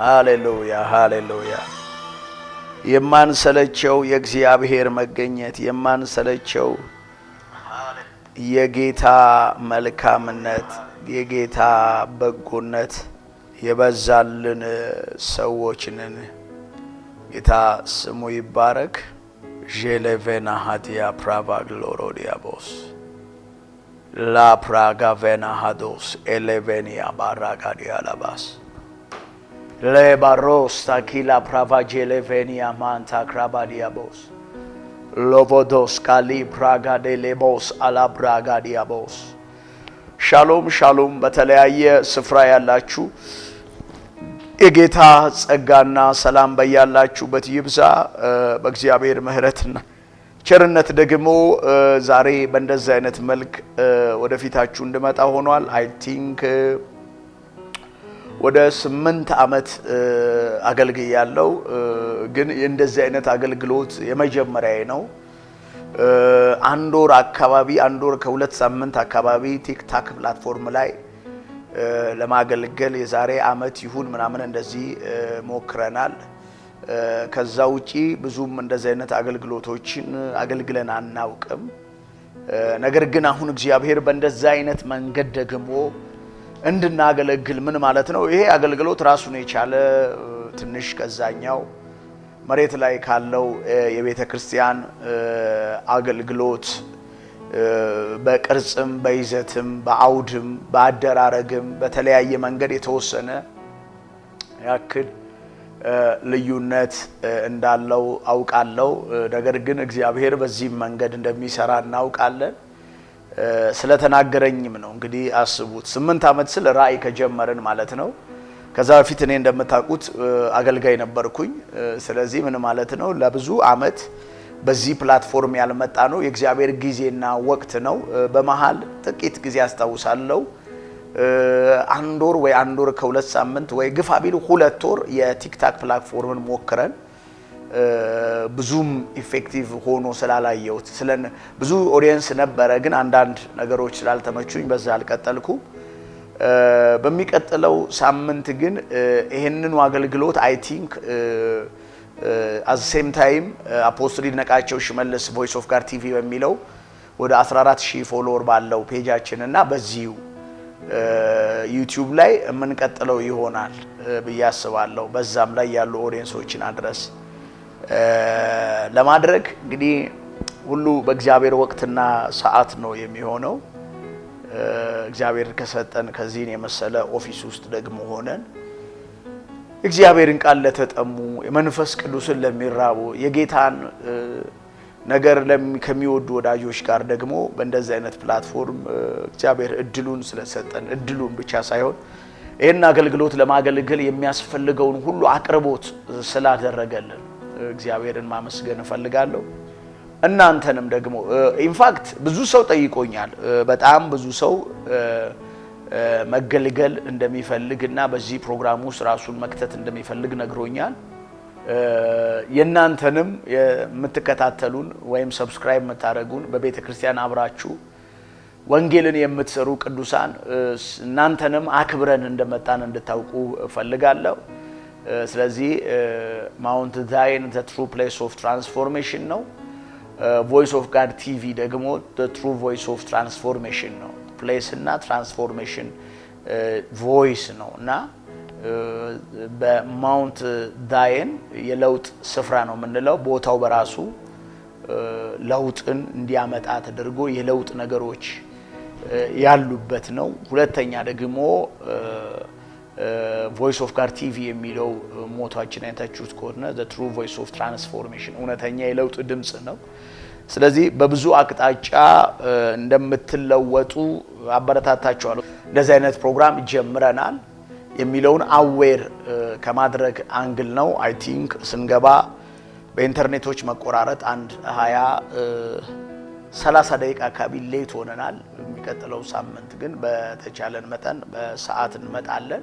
ሃሌሉያ ሃሌሉያ። የማንሰለቸው የእግዚአብሔር መገኘት፣ የማንሰለቸው የጌታ መልካምነት፣ የጌታ በጎነት የበዛልን ሰዎችንን ጌታ ስሙ ይባረክ። ዤሌቬና ሃዲያ ፕራቫ ግሎሮዲያቦስ ላፕራጋቬና ሃዶስ ኤሌቬኒያ ባራጋዲያ ለባስ lebarosta kila pravajele venia manta krabadiabos lovodos kali praga de lebos ala praga diabos ሻሎም ሻሎም በተለያየ ስፍራ ያላችሁ የጌታ ጸጋና ሰላም በያላችሁበት ይብዛ። በእግዚአብሔር ምሕረትና ቸርነት ደግሞ ዛሬ በእንደዚህ አይነት መልክ ወደፊታችሁ እንድመጣ ሆኗል። አይ ቲንክ ወደ ስምንት ዓመት አገልግያለሁ። ግን እንደዚህ አይነት አገልግሎት የመጀመሪያ ነው። አንድ ወር አካባቢ አንድ ወር ከሁለት ሳምንት አካባቢ ቲክታክ ፕላትፎርም ላይ ለማገልገል የዛሬ ዓመት ይሁን ምናምን እንደዚህ ሞክረናል። ከዛ ውጪ ብዙም እንደዚህ አይነት አገልግሎቶችን አገልግለን አናውቅም። ነገር ግን አሁን እግዚአብሔር በእንደዚህ አይነት መንገድ ደግሞ እንድናገለግል ምን ማለት ነው? ይሄ አገልግሎት ራሱን የቻለ ትንሽ ከዛኛው መሬት ላይ ካለው የቤተ ክርስቲያን አገልግሎት በቅርጽም በይዘትም በአውድም በአደራረግም በተለያየ መንገድ የተወሰነ ያክል ልዩነት እንዳለው አውቃለሁ። ነገር ግን እግዚአብሔር በዚህም መንገድ እንደሚሰራ እናውቃለን። ስለተናገረኝም ነው። እንግዲህ አስቡት ስምንት ዓመት ስል ራእይ ከጀመርን ማለት ነው። ከዛ በፊት እኔ እንደምታውቁት አገልጋይ ነበርኩኝ። ስለዚህ ምን ማለት ነው ለብዙ ዓመት በዚህ ፕላትፎርም ያልመጣ ነው። የእግዚአብሔር ጊዜና ወቅት ነው። በመሀል ጥቂት ጊዜ አስታውሳለሁ አንድ ወር ወይ አንድ ወር ከሁለት ሳምንት ወይ ግፋ ቢል ሁለት ወር የቲክታክ ፕላትፎርምን ሞክረን ብዙም ኢፌክቲቭ ሆኖ ስላላየሁት ብዙ ኦዲየንስ ነበረ፣ ግን አንዳንድ ነገሮች ስላልተመቹኝ በዛ አልቀጠልኩ። በሚቀጥለው ሳምንት ግን ይህንኑ አገልግሎት አይ ቲንክ አት ሴም ታይም አፖስትል ይድነቃቸው ሽመልስ ቮይስ ኦፍ ጋድ ቲቪ በሚለው ወደ 14 ሺህ ፎሎወር ባለው ፔጃችን እና በዚሁ ዩቲዩብ ላይ የምንቀጥለው ይሆናል ብዬ አስባለሁ። በዛም ላይ ያሉ ኦዲየንሶችን አድረስ ለማድረግ እንግዲህ ሁሉ በእግዚአብሔር ወቅትና ሰዓት ነው የሚሆነው። እግዚአብሔር ከሰጠን ከዚህን የመሰለ ኦፊስ ውስጥ ደግሞ ሆነን እግዚአብሔርን ቃል ለተጠሙ የመንፈስ ቅዱስን ለሚራቡ የጌታን ነገር ከሚወዱ ወዳጆች ጋር ደግሞ በእንደዚህ አይነት ፕላትፎርም እግዚአብሔር እድሉን ስለሰጠን እድሉን ብቻ ሳይሆን ይህን አገልግሎት ለማገልገል የሚያስፈልገውን ሁሉ አቅርቦት ስላደረገልን እግዚአብሔርን ማመስገን እፈልጋለሁ። እናንተንም ደግሞ ኢንፋክት ብዙ ሰው ጠይቆኛል። በጣም ብዙ ሰው መገልገል እንደሚፈልግ እና በዚህ ፕሮግራም ውስጥ ራሱን መክተት እንደሚፈልግ ነግሮኛል። የእናንተንም የምትከታተሉን ወይም ሰብስክራይብ የምታደርጉን በቤተ ክርስቲያን አብራችሁ ወንጌልን የምትሰሩ ቅዱሳን እናንተንም አክብረን እንደመጣን እንድታውቁ እፈልጋለሁ። ስለዚህ ማውንት ዛይን ዘ ትሩ ፕሌስ ኦፍ ትራንስፎርሜሽን ነው። ቮይስ ኦፍ ጋድ ቲቪ ደግሞ ትሩ ቮይስ ኦፍ ትራንስፎርሜሽን ነው። ፕሌስ እና ትራንስፎርሜሽን ቮይስ ነው እና በማውንት ዛይን የለውጥ ስፍራ ነው የምንለው። ቦታው በራሱ ለውጥን እንዲያመጣ ተደርጎ የለውጥ ነገሮች ያሉበት ነው። ሁለተኛ ደግሞ ቮይስ ኦፍ ጋር ቲቪ የሚለው ሞቷችን አይታችሁት ከሆነ ትሩ ቮይስ ኦፍ ትራንስፎርሜሽን እውነተኛ የለውጥ ድምፅ ነው። ስለዚህ በብዙ አቅጣጫ እንደምትለወጡ አበረታታችኋለሁ። እንደዚህ አይነት ፕሮግራም ጀምረናል የሚለውን አዌር ከማድረግ አንግል ነው። አይ ቲንክ ስንገባ በኢንተርኔቶች መቆራረጥ አንድ ሀያ ሰላሳ ደቂቃ አካባቢ ሌት ሆነናል። የሚቀጥለው ሳምንት ግን በተቻለን መጠን በሰዓት እንመጣለን።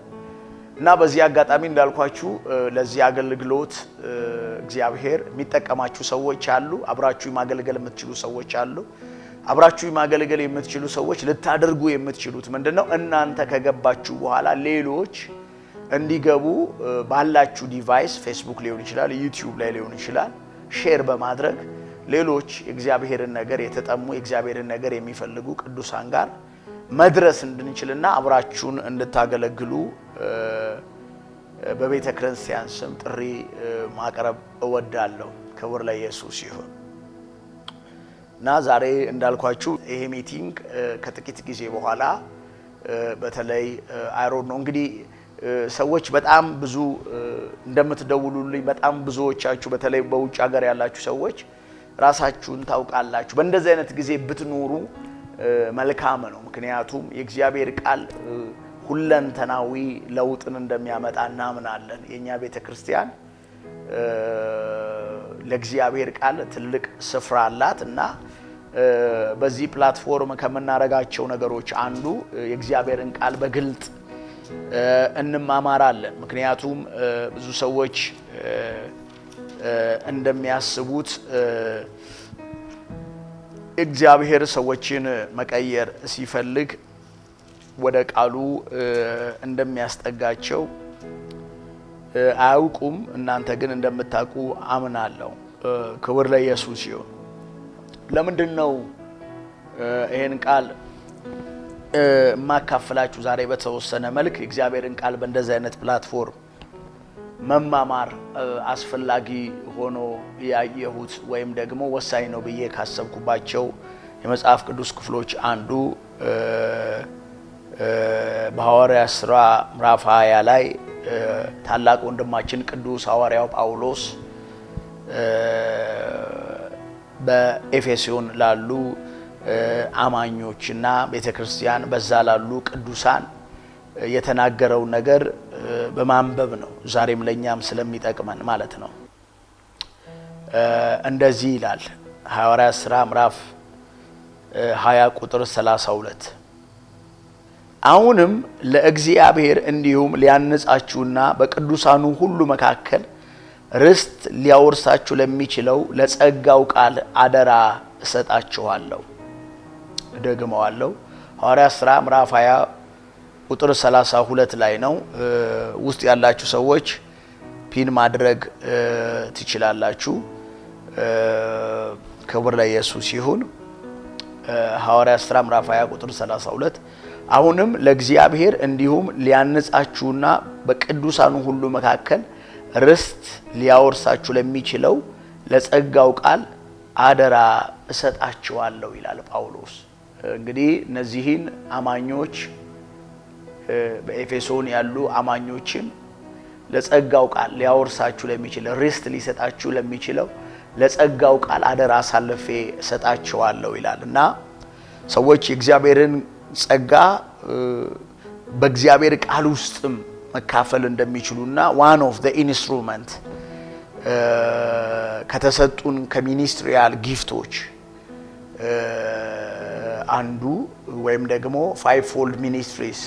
እና በዚህ አጋጣሚ እንዳልኳችሁ ለዚህ አገልግሎት እግዚአብሔር የሚጠቀማችሁ ሰዎች አሉ። አብራችሁ ማገልገል የምትችሉ ሰዎች አሉ። አብራችሁ ማገልገል የምትችሉ ሰዎች ልታደርጉ የምትችሉት ምንድን ነው? እናንተ ከገባችሁ በኋላ ሌሎች እንዲገቡ ባላችሁ ዲቫይስ ፌስቡክ ሊሆን ይችላል፣ ዩቲዩብ ላይ ሊሆን ይችላል፣ ሼር በማድረግ ሌሎች የእግዚአብሔርን ነገር የተጠሙ የእግዚአብሔርን ነገር የሚፈልጉ ቅዱሳን ጋር መድረስ እንድንችልና አብራችሁን እንድታገለግሉ በቤተ ክርስቲያን ስም ጥሪ ማቅረብ እወዳለሁ። ክብር ለኢየሱስ ይሁን እና ዛሬ እንዳልኳችሁ ይሄ ሚቲንግ ከጥቂት ጊዜ በኋላ በተለይ አይሮን ነው እንግዲህ ሰዎች በጣም ብዙ እንደምትደውሉልኝ በጣም ብዙዎቻችሁ በተለይ በውጭ ሀገር ያላችሁ ሰዎች ራሳችሁን ታውቃላችሁ። በእንደዚህ አይነት ጊዜ ብትኖሩ መልካም ነው። ምክንያቱም የእግዚአብሔር ቃል ሁለንተናዊ ለውጥን እንደሚያመጣ እናምናለን። የእኛ ቤተ ክርስቲያን ለእግዚአብሔር ቃል ትልቅ ስፍራ አላት እና በዚህ ፕላትፎርም ከምናደርጋቸው ነገሮች አንዱ የእግዚአብሔርን ቃል በግልጥ እንማማራለን። ምክንያቱም ብዙ ሰዎች እንደሚያስቡት እግዚአብሔር ሰዎችን መቀየር ሲፈልግ ወደ ቃሉ እንደሚያስጠጋቸው አያውቁም፣ እናንተ ግን እንደምታውቁ አምናለሁ። ክብር ለኢየሱስ ይሁን። ለምንድን ነው ይህን ቃል የማካፍላችሁ? ዛሬ በተወሰነ መልክ የእግዚአብሔርን ቃል በእንደዚህ አይነት ፕላትፎርም መማማር አስፈላጊ ሆኖ ያየሁት ወይም ደግሞ ወሳኝ ነው ብዬ ካሰብኩባቸው የመጽሐፍ ቅዱስ ክፍሎች አንዱ በሐዋርያ ሥራ ምዕራፍ 20 ላይ ታላቅ ወንድማችን ቅዱስ ሐዋርያው ጳውሎስ በኤፌሶን ላሉ አማኞችና ቤተ ክርስቲያን በዛ ላሉ ቅዱሳን የተናገረው ነገር በማንበብ ነው። ዛሬም ለእኛም ስለሚጠቅመን ማለት ነው። እንደዚህ ይላል ሐዋርያ ሥራ ምዕራፍ 20 ቁጥር 32 አሁንም ለእግዚአብሔር እንዲሁም ሊያነጻችሁና በቅዱሳኑ ሁሉ መካከል ርስት ሊያወርሳችሁ ለሚችለው ለጸጋው ቃል አደራ እሰጣችኋለሁ። እደግመዋለሁ። ሐዋርያ ሥራ ምዕራፍ 20 ቁጥር 32 ላይ ነው። ውስጥ ያላችሁ ሰዎች ፒን ማድረግ ትችላላችሁ። ክብር ለኢየሱስ ይሁን። ሐዋርያ ሥራ ምዕራፍ 20 ቁጥር 32 አሁንም ለእግዚአብሔር እንዲሁም ሊያነጻችሁና በቅዱሳኑ ሁሉ መካከል ርስት ሊያወርሳችሁ ለሚችለው ለጸጋው ቃል አደራ እሰጣችኋለሁ ይላል ጳውሎስ። እንግዲህ እነዚህን አማኞች በኤፌሶን ያሉ አማኞችን ለጸጋው ቃል ሊያወርሳችሁ ለሚችል ርስት ሊሰጣችሁ ለሚችለው ለጸጋው ቃል አደራ አሳልፌ እሰጣችኋለሁ ይላል እና ሰዎች የእግዚአብሔርን ጸጋ በእግዚአብሔር ቃል ውስጥም መካፈል እንደሚችሉና ዋን ኦፍ ዘ ኢንስትሩመንት ከተሰጡን ከሚኒስትሪያል ጊፍቶች አንዱ ወይም ደግሞ ፋይቭ ፎልድ ሚኒስትሪስ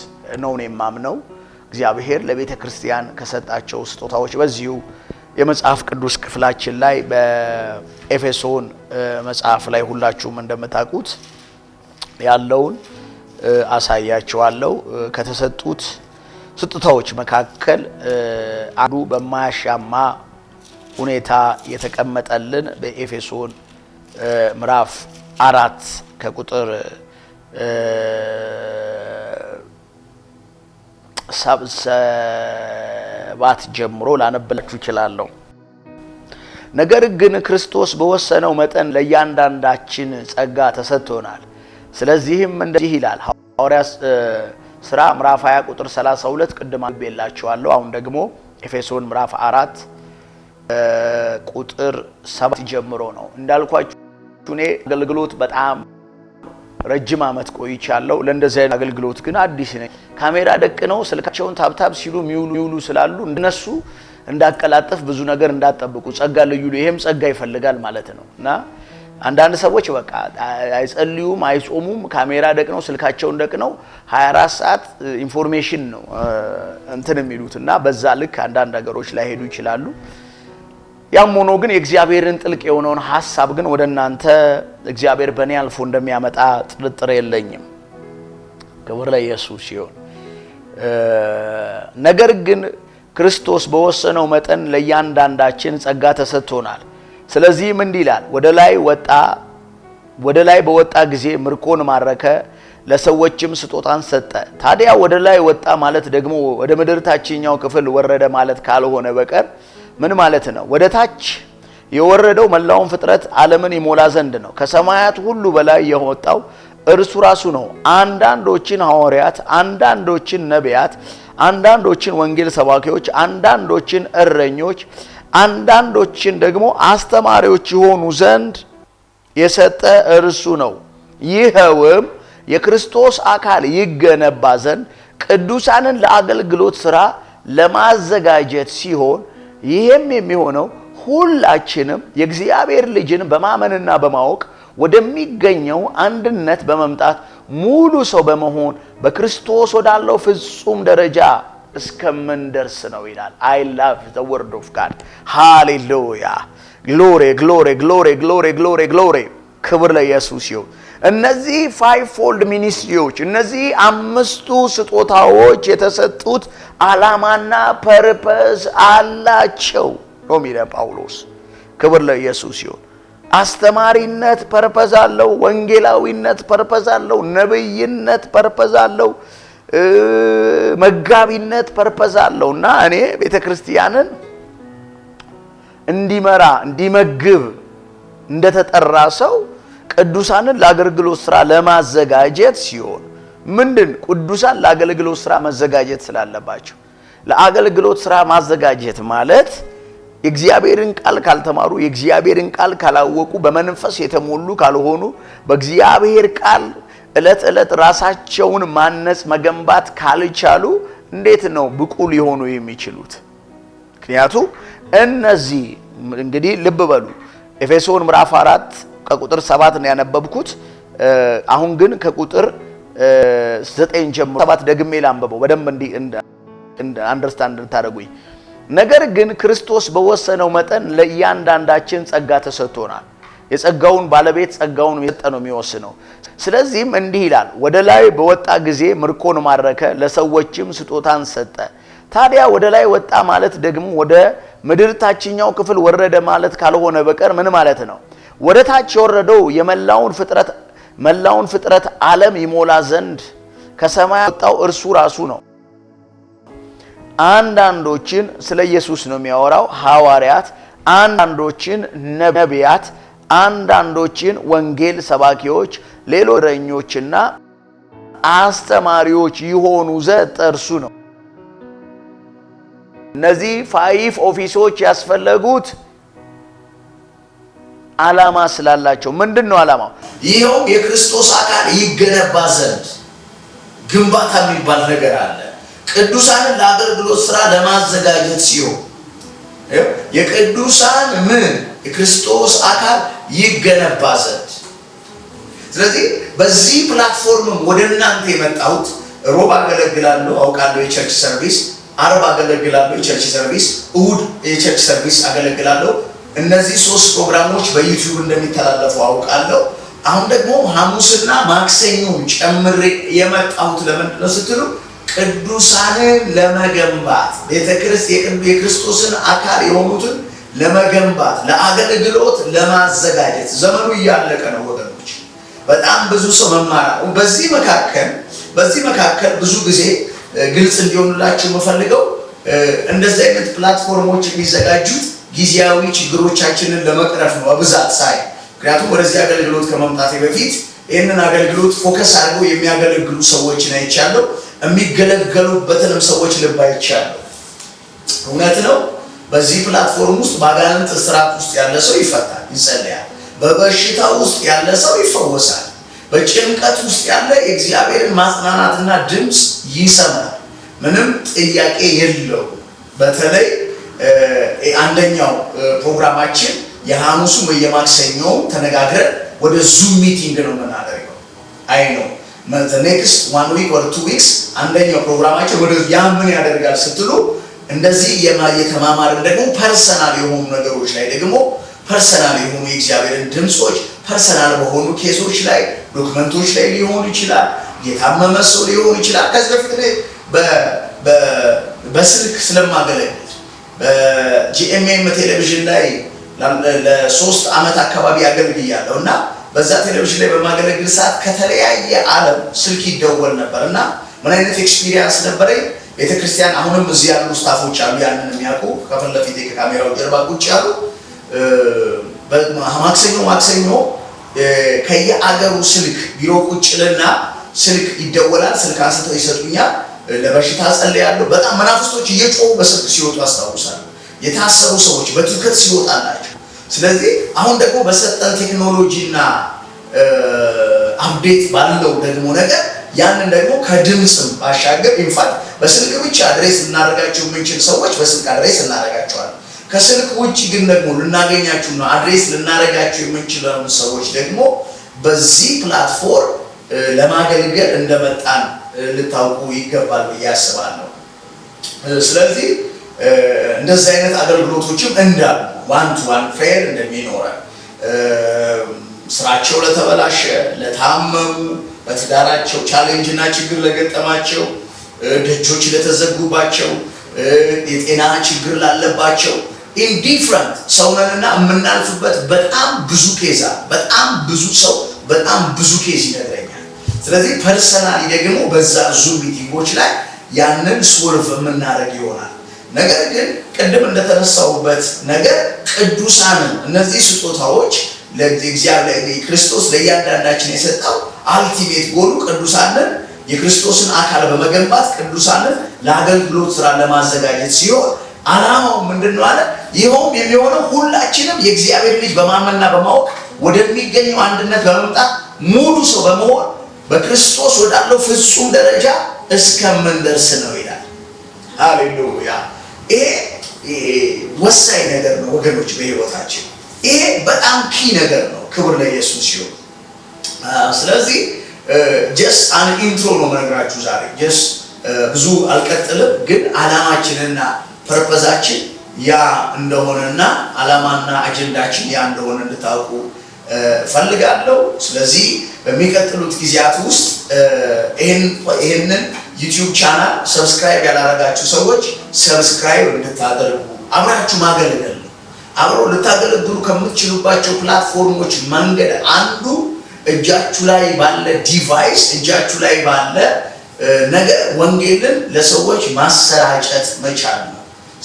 ነው የማምነው። እግዚአብሔር ለቤተ ክርስቲያን ከሰጣቸው ስጦታዎች በዚሁ የመጽሐፍ ቅዱስ ክፍላችን ላይ በኤፌሶን መጽሐፍ ላይ ሁላችሁም እንደምታውቁት ያለውን አሳያችኋለሁ። ከተሰጡት ስጦታዎች መካከል አንዱ በማያሻማ ሁኔታ የተቀመጠልን በኤፌሶን ምዕራፍ አራት ከቁጥር ሰባት ጀምሮ ላነብላችሁ እችላለሁ። ነገር ግን ክርስቶስ በወሰነው መጠን ለእያንዳንዳችን ጸጋ ተሰጥቶናል። ስለዚህም እንደዚህ ይላል ሐዋርያ ስራ ምዕራፍ 20 ቁጥር 32 ቅድም አንብቤላችኋለሁ። አሁን ደግሞ ኤፌሶን ምዕራፍ 4 ቁጥር 7 ጀምሮ ነው። እንዳልኳችሁ እኔ አገልግሎት በጣም ረጅም ዓመት ቆይቻለሁ። ለእንደዚህ አይነት አገልግሎት ግን አዲስ ነኝ። ካሜራ ደቅ ነው ስልካቸውን ታብታብ ሲሉ የሚውሉ ስላሉ እነሱ እንዳቀላጥፍ ብዙ ነገር እንዳጠብቁ ጸጋ ልዩ ይሄም ጸጋ ይፈልጋል ማለት ነው እና አንዳንድ ሰዎች በቃ አይጸልዩም፣ አይጾሙም። ካሜራ ደቅነው ስልካቸውን ደቅነው 24 ሰዓት ኢንፎርሜሽን ነው እንትን የሚሉት እና በዛ ልክ አንዳንድ ነገሮች ላይሄዱ ሄዱ ይችላሉ። ያም ሆኖ ግን የእግዚአብሔርን ጥልቅ የሆነውን ሀሳብ ግን ወደ እናንተ እግዚአብሔር በእኔ አልፎ እንደሚያመጣ ጥርጥር የለኝም። ክብር ለኢየሱስ ሲሆን ነገር ግን ክርስቶስ በወሰነው መጠን ለእያንዳንዳችን ጸጋ ተሰጥቶናል። ስለዚህም እንዲህ ይላል፣ ወደ ላይ ወጣ ወደ ላይ በወጣ ጊዜ ምርኮን ማረከ፣ ለሰዎችም ስጦታን ሰጠ። ታዲያ ወደ ላይ ወጣ ማለት ደግሞ ወደ ምድር ታችኛው ክፍል ወረደ ማለት ካልሆነ በቀር ምን ማለት ነው? ወደ ታች የወረደው መላውን ፍጥረት ዓለምን ይሞላ ዘንድ ነው። ከሰማያት ሁሉ በላይ የወጣው እርሱ ራሱ ነው። አንዳንዶችን ሐዋርያት፣ አንዳንዶችን ነቢያት፣ አንዳንዶችን ወንጌል ሰባኪዎች፣ አንዳንዶችን እረኞች አንዳንዶችን ደግሞ አስተማሪዎች የሆኑ ዘንድ የሰጠ እርሱ ነው። ይኸውም የክርስቶስ አካል ይገነባ ዘንድ ቅዱሳንን ለአገልግሎት ሥራ ለማዘጋጀት ሲሆን ይህም የሚሆነው ሁላችንም የእግዚአብሔር ልጅን በማመንና በማወቅ ወደሚገኘው አንድነት በመምጣት ሙሉ ሰው በመሆን በክርስቶስ ወዳለው ፍጹም ደረጃ እስከምንደርስ ነው ይላል። አይ ላቭ ዘ ወርድ ኦፍ ጋድ ሃሌሉያ። ግሎሪ ግሎሪ ግሎሪ ግሎሪ ግሎሪ ግሎሪ። ክብር ለኢየሱስ ይሁን። እነዚህ ፋይቭ ፎልድ ሚኒስትሪዎች እነዚህ አምስቱ ስጦታዎች የተሰጡት ዓላማና ፐርፐስ አላቸው ነው የሚለ ጳውሎስ። ክብር ለኢየሱስ ይሁን። አስተማሪነት ፐርፐዝ አለው። ወንጌላዊነት ፐርፐዝ አለው። ነብይነት ፐርፐዝ አለው። መጋቢነት ፐርፐዝ አለው እና እኔ ቤተ ክርስቲያንን እንዲመራ እንዲመግብ እንደተጠራ ሰው ቅዱሳንን ለአገልግሎት ስራ ለማዘጋጀት ሲሆን ምንድን ቅዱሳን ለአገልግሎት ስራ መዘጋጀት ስላለባቸው ለአገልግሎት ስራ ማዘጋጀት ማለት የእግዚአብሔርን ቃል ካልተማሩ የእግዚአብሔርን ቃል ካላወቁ በመንፈስ የተሞሉ ካልሆኑ በእግዚአብሔር ቃል እለት እለት ራሳቸውን ማነጽ መገንባት ካልቻሉ እንዴት ነው ብቁ ሊሆኑ የሚችሉት? ምክንያቱ እነዚህ እንግዲህ ልብ በሉ ኤፌሶን ምዕራፍ አራት ከቁጥር ሰባት ነው ያነበብኩት። አሁን ግን ከቁጥር ዘጠኝ ጀምሮ ሰባት ደግሜ ላንበበው በደንብ አንደርስታንድ እንድታደርጉኝ። ነገር ግን ክርስቶስ በወሰነው መጠን ለእያንዳንዳችን ጸጋ ተሰጥቶናል። የጸጋውን ባለቤት ጸጋውን የሰጠ ነው የሚወስነው። ስለዚህም እንዲህ ይላል፣ ወደ ላይ በወጣ ጊዜ ምርኮን ማረከ፣ ለሰዎችም ስጦታን ሰጠ። ታዲያ ወደ ላይ ወጣ ማለት ደግሞ ወደ ምድር ታችኛው ክፍል ወረደ ማለት ካልሆነ በቀር ምን ማለት ነው? ወደ ታች የወረደው የመላውን ፍጥረት መላውን ፍጥረት ዓለም ይሞላ ዘንድ ከሰማይ ወጣው እርሱ ራሱ ነው። አንዳንዶችን ስለ ኢየሱስ ነው የሚያወራው ሐዋርያት፣ አንዳንዶችን ነቢያት አንዳንዶችን ወንጌል ሰባኪዎች፣ ሌሎችና አስተማሪዎች ይሆኑ ዘንድ ነው። እነዚህ ፋይፍ ኦፊሶች ያስፈለጉት ዓላማ ስላላቸው ምንድን ነው ዓላማው? ይኸው የክርስቶስ አካል ይገነባ ዘንድ ግንባታ የሚባል ነገር አለ። ቅዱሳንን ለአገልግሎት ስራ ለማዘጋጀት ሲሆን የቅዱሳን ምን የክርስቶስ አካል ይገነባ ዘንድ። ስለዚህ በዚህ ፕላትፎርምም ወደ እናንተ የመጣሁት ሮብ አገለግላለሁ አውቃለሁ የቸርች ሰርቪስ፣ አርብ አገለግላለሁ የቸርች ሰርቪስ፣ እሁድ የቸርች ሰርቪስ አገለግላለሁ። እነዚህ ሶስት ፕሮግራሞች በዩቲዩብ እንደሚተላለፉ አውቃለሁ። አሁን ደግሞ ሐሙስና ማክሰኞን ጨምሬ የመጣሁት ለምንድን ነው ስትሉ ቅዱሳንን ለመገንባት የክርስቶስን አካል የሆኑትን ለመገንባት ለአገልግሎት ለማዘጋጀት ዘመኑ እያለቀ ነው ወገኖች። በጣም ብዙ ሰው መማር በዚህ መካከል በዚህ መካከል ብዙ ጊዜ ግልጽ እንዲሆኑላቸው የምፈልገው እንደዚህ አይነት ፕላትፎርሞች የሚዘጋጁት ጊዜያዊ ችግሮቻችንን ለመቅረፍ ነው በብዛት ሳይ። ምክንያቱም ወደዚህ አገልግሎት ከመምጣቴ በፊት ይህንን አገልግሎት ፎከስ አድርገው የሚያገለግሉ ሰዎችን አይቻለሁ። የሚገለገሉበትንም ሰዎች ልብ አይቻለሁ። እውነት ነው። በዚህ ፕላትፎርም ውስጥ በአጋንንት እስራት ውስጥ ያለ ሰው ይፈታል፣ ይጸለያል። በበሽታ ውስጥ ያለ ሰው ይፈወሳል። በጭንቀት ውስጥ ያለ የእግዚአብሔርን ማጽናናትና ድምፅ ይሰማል። ምንም ጥያቄ የለው በተለይ አንደኛው ፕሮግራማችን የሐሙሱም የማክሰኞውም ተነጋግረን ወደ ዙም ሚቲንግ ነው የምናደርገው። አይ ነው ኔክስት ዋን ዊክ ወር ቱ ዊክስ አንደኛው ፕሮግራማችን ወደ ያ ምን ያደርጋል ስትሉ እንደዚህ የተማማርን ደግሞ ፐርሰናል የሆኑ ነገሮች ላይ ደግሞ ፐርሰናል የሆኑ የእግዚአብሔርን ድምፆች ፐርሰናል በሆኑ ኬሶች ላይ ዶክመንቶች ላይ ሊሆን ይችላል። የታመመ ሰው ሊሆን ይችላል። ከዚህ በፊት በስልክ ስለማገለግል በጂኤምኤም ቴሌቪዥን ላይ ለሶስት ዓመት አካባቢ አገልግያለሁ እና በዛ ቴሌቪዥን ላይ በማገለግል ሰዓት ከተለያየ ዓለም ስልክ ይደወል ነበር እና ምን አይነት ኤክስፒሪየንስ ነበረኝ ቤተክርስቲያን አሁንም እዚህ ያሉ ስታፎች አሉ፣ ያንን የሚያውቁ ከፊት ለፊት ከካሜራው ጀርባ ቁጭ ያሉ ማክሰኞ ማክሰኞ ከየአገሩ ስልክ ቢሮ ቁጭልና ስልክ ይደወላል። ስልክ አንስተው ይሰጡኛል። ለበሽታ ጸልያለሁ። በጣም መናፍስቶች እየጮሁ በስልክ ሲወጡ አስታውሳለሁ። የታሰሩ ሰዎች በትውከት ሲወጣላቸው። ስለዚህ አሁን ደግሞ በሰጠን ቴክኖሎጂና አፕዴት ባለው ደግሞ ነገር ያንን ደግሞ ከድምፅም ባሻገር ኢንፋክት በስልክ ብቻ አድሬስ ልናደርጋቸው የምንችል ሰዎች በስልክ አድሬስ እናደርጋቸዋለን። ከስልክ ውጭ ግን ደግሞ ነው አድሬስ ልናደርጋቸው የምንችለውን ሰዎች ደግሞ በዚህ ፕላትፎርም ለማገልገል እንደመጣን ልታውቁ ይገባል ብዬ አስባለሁ። ስለዚህ እንደዚህ አይነት አገልግሎቶችም እንዳሉ ዋን ቱ ዋን ፌር እንደሚኖረን ስራቸው ለተበላሸ ለታመሙ በትዳራቸው ቻሌንጅና ችግር ለገጠማቸው፣ ደጆች ለተዘጉባቸው፣ የጤና ችግር ላለባቸው ኢንዲፍረንት ሰውነንና የምናልፍበት በጣም ብዙ ኬዛ በጣም ብዙ ሰው በጣም ብዙ ኬዝ ይነግረኛል። ስለዚህ ፐርሰናሊ ደግሞ በዛ ዙም ሚቲንጎች ላይ ያንን ሶልቭ የምናደርግ ይሆናል። ነገር ግን ቅድም እንደተነሳውበት ነገር ቅዱሳንን እነዚህ ስጦታዎች ለእግዚአብሔር ክርስቶስ ለእያንዳንዳችን የሰጠው አልቲሜት ጎሉ ቅዱሳንን የክርስቶስን አካል በመገንባት ቅዱሳንን ለአገልግሎት ስራ ለማዘጋጀት ሲሆን አላማው ምንድን ነው አለ። ይኸውም የሚሆነው ሁላችንም የእግዚአብሔር ልጅ በማመንና በማወቅ ወደሚገኘው አንድነት በመምጣት ሙሉ ሰው በመሆን በክርስቶስ ወዳለው ፍጹም ደረጃ እስከምንደርስ ነው ይላል። ሃሌሉያ! ይሄ ወሳኝ ነገር ነው ወገኖች፣ በህይወታችን ይሄ በጣም ኪ ነገር ነው። ክብር ለኢየሱስ ይሁን። ስለዚህ ጀስ አን ኢንትሮ ነው መነግራችሁ ዛሬ። ጀስ ብዙ አልቀጥልም፣ ግን አላማችንና ፐርፐዛችን ያ እንደሆነና አላማና አጀንዳችን ያ እንደሆነ እንድታውቁ ፈልጋለሁ። ስለዚህ በሚቀጥሉት ጊዜያት ውስጥ ይህንን ዩቲዩብ ቻናል ሰብስክራይብ ያላረጋችሁ ሰዎች ሰብስክራይብ እንድታደርጉ አብራችሁ ማገልገል ነው። አብረው ልታገለግሉ ከምትችሉባቸው ፕላትፎርሞች መንገድ አንዱ እጃችሁ ላይ ባለ ዲቫይስ እጃችሁ ላይ ባለ ነገር ወንጌልን ለሰዎች ማሰራጨት መቻል ነው።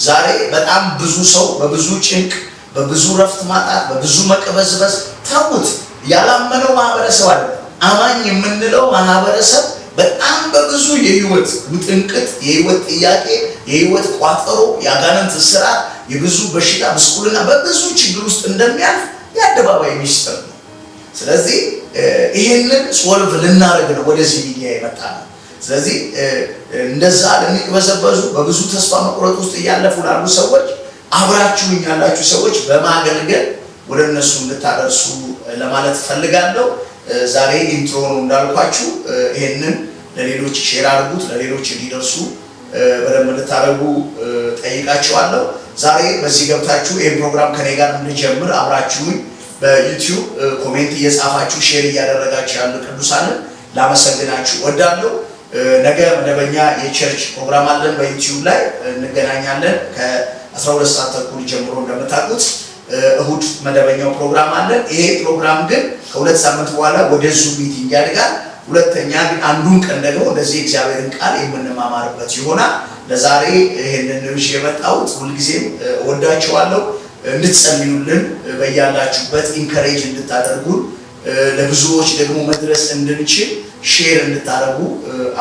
ዛሬ በጣም ብዙ ሰው በብዙ ጭንቅ፣ በብዙ ረፍት ማጣት፣ በብዙ መቅበዝበዝ ተውት። ያላመነው ማህበረሰብ አለ። አማኝ የምንለው ማህበረሰብ በጣም በብዙ የህይወት ውጥንቅጥ፣ የህይወት ጥያቄ፣ የህይወት ቋጠሮ፣ የአጋንንት ስራ፣ የብዙ በሽታ ብስቁልና፣ በብዙ ችግር ውስጥ እንደሚያልፍ የአደባባይ ሚስጥር ነው። ስለዚህ ይሄንን ሶልቭ ልናደርግ ነው ወደዚህ ሚዲያ የመጣ ነው። ስለዚህ እንደዛ በብዙ ተስፋ መቁረጥ ውስጥ እያለፉ ላሉ ሰዎች አብራችሁኝ ያላችሁ ሰዎች በማገልገል ወደ እነሱ እንድታደርሱ ለማለት እፈልጋለሁ። ዛሬ ኢንትሮ ነው እንዳልኳችሁ። ይሄንን ለሌሎች ሼር አድርጉት፣ ለሌሎች እንዲደርሱ በደንብ እንድታደርጉ ጠይቃችኋለሁ። ዛሬ በዚህ ገብታችሁ ይህን ፕሮግራም ከኔ ጋር እንድጀምር አብራችሁኝ በዩቲዩብ ኮሜንት እየጻፋችሁ ሼር እያደረጋችሁ ያሉ ቅዱሳንን ላመሰግናችሁ ወዳለሁ ነገ መደበኛ የቸርች ፕሮግራም አለን። በዩቲዩብ ላይ እንገናኛለን ከ12 ሰዓት ተኩል ጀምሮ እንደምታውቁት እሁድ መደበኛው ፕሮግራም አለን። ይሄ ፕሮግራም ግን ከሁለት ሳምንት በኋላ ወደ ዙም ሚቲንግ ያድጋል። ሁለተኛ ግን አንዱን ቀን ደግሞ እንደዚህ እግዚአብሔርን ቃል የምንማማርበት ይሆናል። ለዛሬ ይህንን ይዤ የመጣሁት ሁልጊዜም እወዳቸዋለሁ። እንድትጸልዩልን በያላችሁበት ኢንከሬጅ እንድታደርጉን ለብዙዎች ደግሞ መድረስ እንድንችል ሼር እንድታደርጉ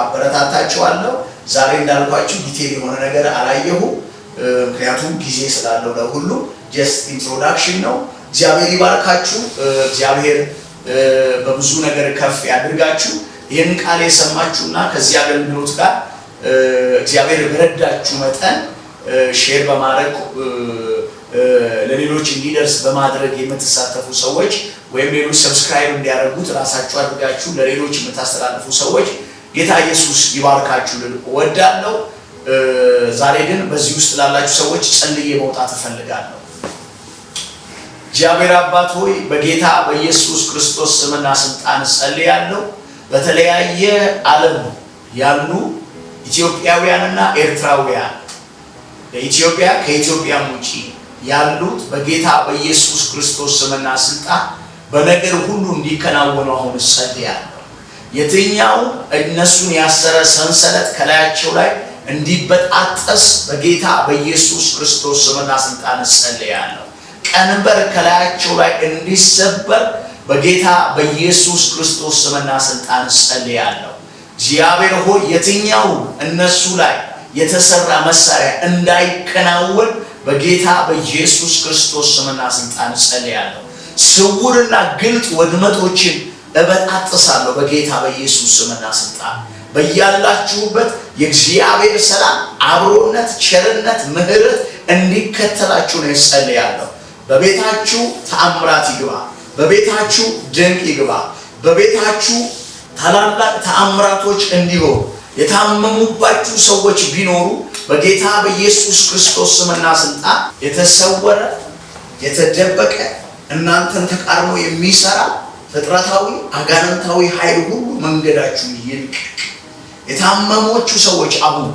አበረታታችኋለሁ። ዛሬ እንዳልኳችሁ ዲቴል የሆነ ነገር አላየሁም፣ ምክንያቱም ጊዜ ስላለው ለሁሉ ጀስት ኢንትሮዳክሽን ነው። እግዚአብሔር ይባርካችሁ። እግዚአብሔር በብዙ ነገር ከፍ ያድርጋችሁ። ይህን ቃል የሰማችሁና ከዚህ አገልግሎት ጋር እግዚአብሔር በረዳችሁ መጠን ሼር በማድረግ ለሌሎች እንዲደርስ በማድረግ የምትሳተፉ ሰዎች ወይም ሌሎች ሰብስክራይብ እንዲያደርጉት ራሳችሁ አድርጋችሁ ለሌሎች የምታስተላልፉ ሰዎች ጌታ ኢየሱስ ይባርካችሁ ልል እወዳለሁ። ዛሬ ግን በዚህ ውስጥ ላላችሁ ሰዎች ጸልዬ መውጣት እፈልጋለሁ። እግዚአብሔር አባት ሆይ በጌታ በኢየሱስ ክርስቶስ ስምና ስልጣን ጸልያለሁ። በተለያየ ዓለም ያሉ ኢትዮጵያውያንና ኤርትራውያን ኢትዮጵያ ከኢትዮጵያም ውጪ ያሉት በጌታ በኢየሱስ ክርስቶስ ስምና ስልጣን በነገር ሁሉ እንዲከናወኑ አሁን እጸልያለሁ። የትኛው እነሱን ያሰረ ሰንሰለት ከላያቸው ላይ እንዲበጣጠስ በጌታ በኢየሱስ ክርስቶስ ስምና ስልጣን እጸልያለሁ። ቀንበር ከላያቸው ላይ እንዲሰበር በጌታ በኢየሱስ ክርስቶስ ስምና ስልጣን እጸልያለሁ። እግዚአብሔር ሆይ የትኛው እነሱ ላይ የተሰራ መሳሪያ እንዳይከናወን በጌታ በኢየሱስ ክርስቶስ ስምና ስልጣን ጸልያለሁ። ስውርና ግልጥ ወድመቶችን እበጣጥሳለሁ በጌታ በኢየሱስ ስምና ስልጣን። በያላችሁበት የእግዚአብሔር ሰላም፣ አብሮነት፣ ቸርነት፣ ምሕረት እንዲከተላችሁ ነው ጸልያለሁ። በቤታችሁ ተአምራት ይግባ። በቤታችሁ ድንቅ ይግባ። በቤታችሁ ታላላቅ ተአምራቶች እንዲሆኑ የታመሙባችሁ ሰዎች ቢኖሩ በጌታ በኢየሱስ ክርስቶስ ስምና ስልጣን የተሰወረ የተደበቀ እናንተን ተቃርኖ የሚሰራ ፍጥረታዊ አጋንንታዊ ኃይል ሁሉ መንገዳችሁ ይልቀቅ። የታመሞቹ ሰዎች አሁን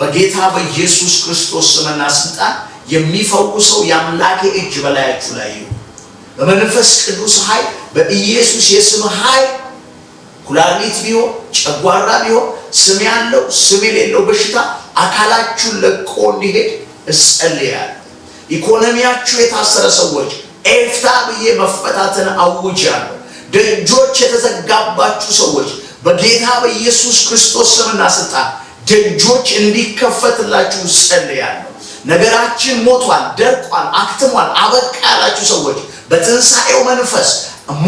በጌታ በኢየሱስ ክርስቶስ ስምና ስልጣን የሚፈውሰው የአምላኬ እጅ በላያችሁ ላይ ይሁን። በመንፈስ ቅዱስ ኃይል በኢየሱስ የስም ኃይል ኩላሊት ቢሆን ጨጓራ ቢሆን ስም ያለው ስም የሌለው በሽታ አካላችሁን ለቆ እንዲሄድ እጸልያለሁ። ኢኮኖሚያችሁ የታሰረ ሰዎች ኤፍታ ብዬ መፈታትን አውጃለሁ። ደጆች የተዘጋባችሁ ሰዎች በጌታ በኢየሱስ ክርስቶስ ስምና ስልጣን ደጆች እንዲከፈትላችሁ እጸልያለሁ። ነገራችን ሞቷል፣ ደርቋል፣ አክትሟል፣ አበቃ ያላችሁ ሰዎች በትንሣኤው መንፈስ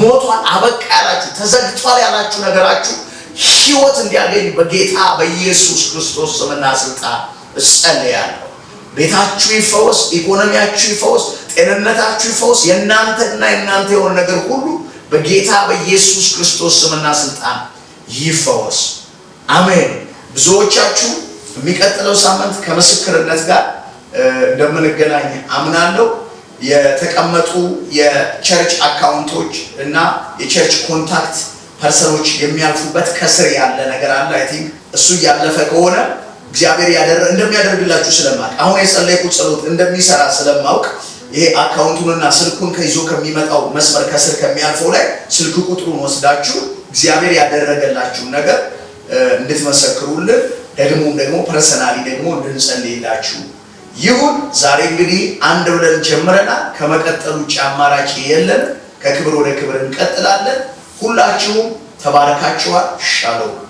ሞቷል፣ አበቃ ያላችሁ፣ ተዘግቷል ያላችሁ ነገራችሁ ህይወት እንዲያገኝ በጌታ በኢየሱስ ክርስቶስ ስምና ስልጣን እጸልያለሁ። ቤታችሁ ይፈወስ፣ ኢኮኖሚያችሁ ይፈወስ፣ ጤንነታችሁ ይፈወስ። የእናንተና የእናንተ የሆነ ነገር ሁሉ በጌታ በኢየሱስ ክርስቶስ ስምና ስልጣን ይፈወስ። አሜን። ብዙዎቻችሁ የሚቀጥለው ሳምንት ከምስክርነት ጋር እንደምንገናኝ አምናለሁ። የተቀመጡ የቸርች አካውንቶች እና የቸርች ኮንታክት ፐርሰኖች የሚያልፉበት ከስር ያለ ነገር አለ። አይ ቲንክ እሱ እያለፈ ከሆነ እግዚአብሔር ያደረ እንደሚያደርግላችሁ ስለማቅ አሁን የጸለይኩት ጸሎት እንደሚሰራ ስለማውቅ ይሄ አካውንቱንና ስልኩን ከይዞ ከሚመጣው መስመር ከስር ከሚያልፈው ላይ ስልክ ቁጥሩን ወስዳችሁ እግዚአብሔር ያደረገላችሁን ነገር እንድትመሰክሩልን ደግሞም ደግሞ ፐርሰናሊ ደግሞ እንድንጸልይላችሁ ይሁን። ዛሬ እንግዲህ አንድ ብለን ጀምረናል። ከመቀጠል ውጭ አማራጭ የለን። ከክብር ወደ ክብር እንቀጥላለን። ሁላችሁም ተባረካችኋል። ሻሎም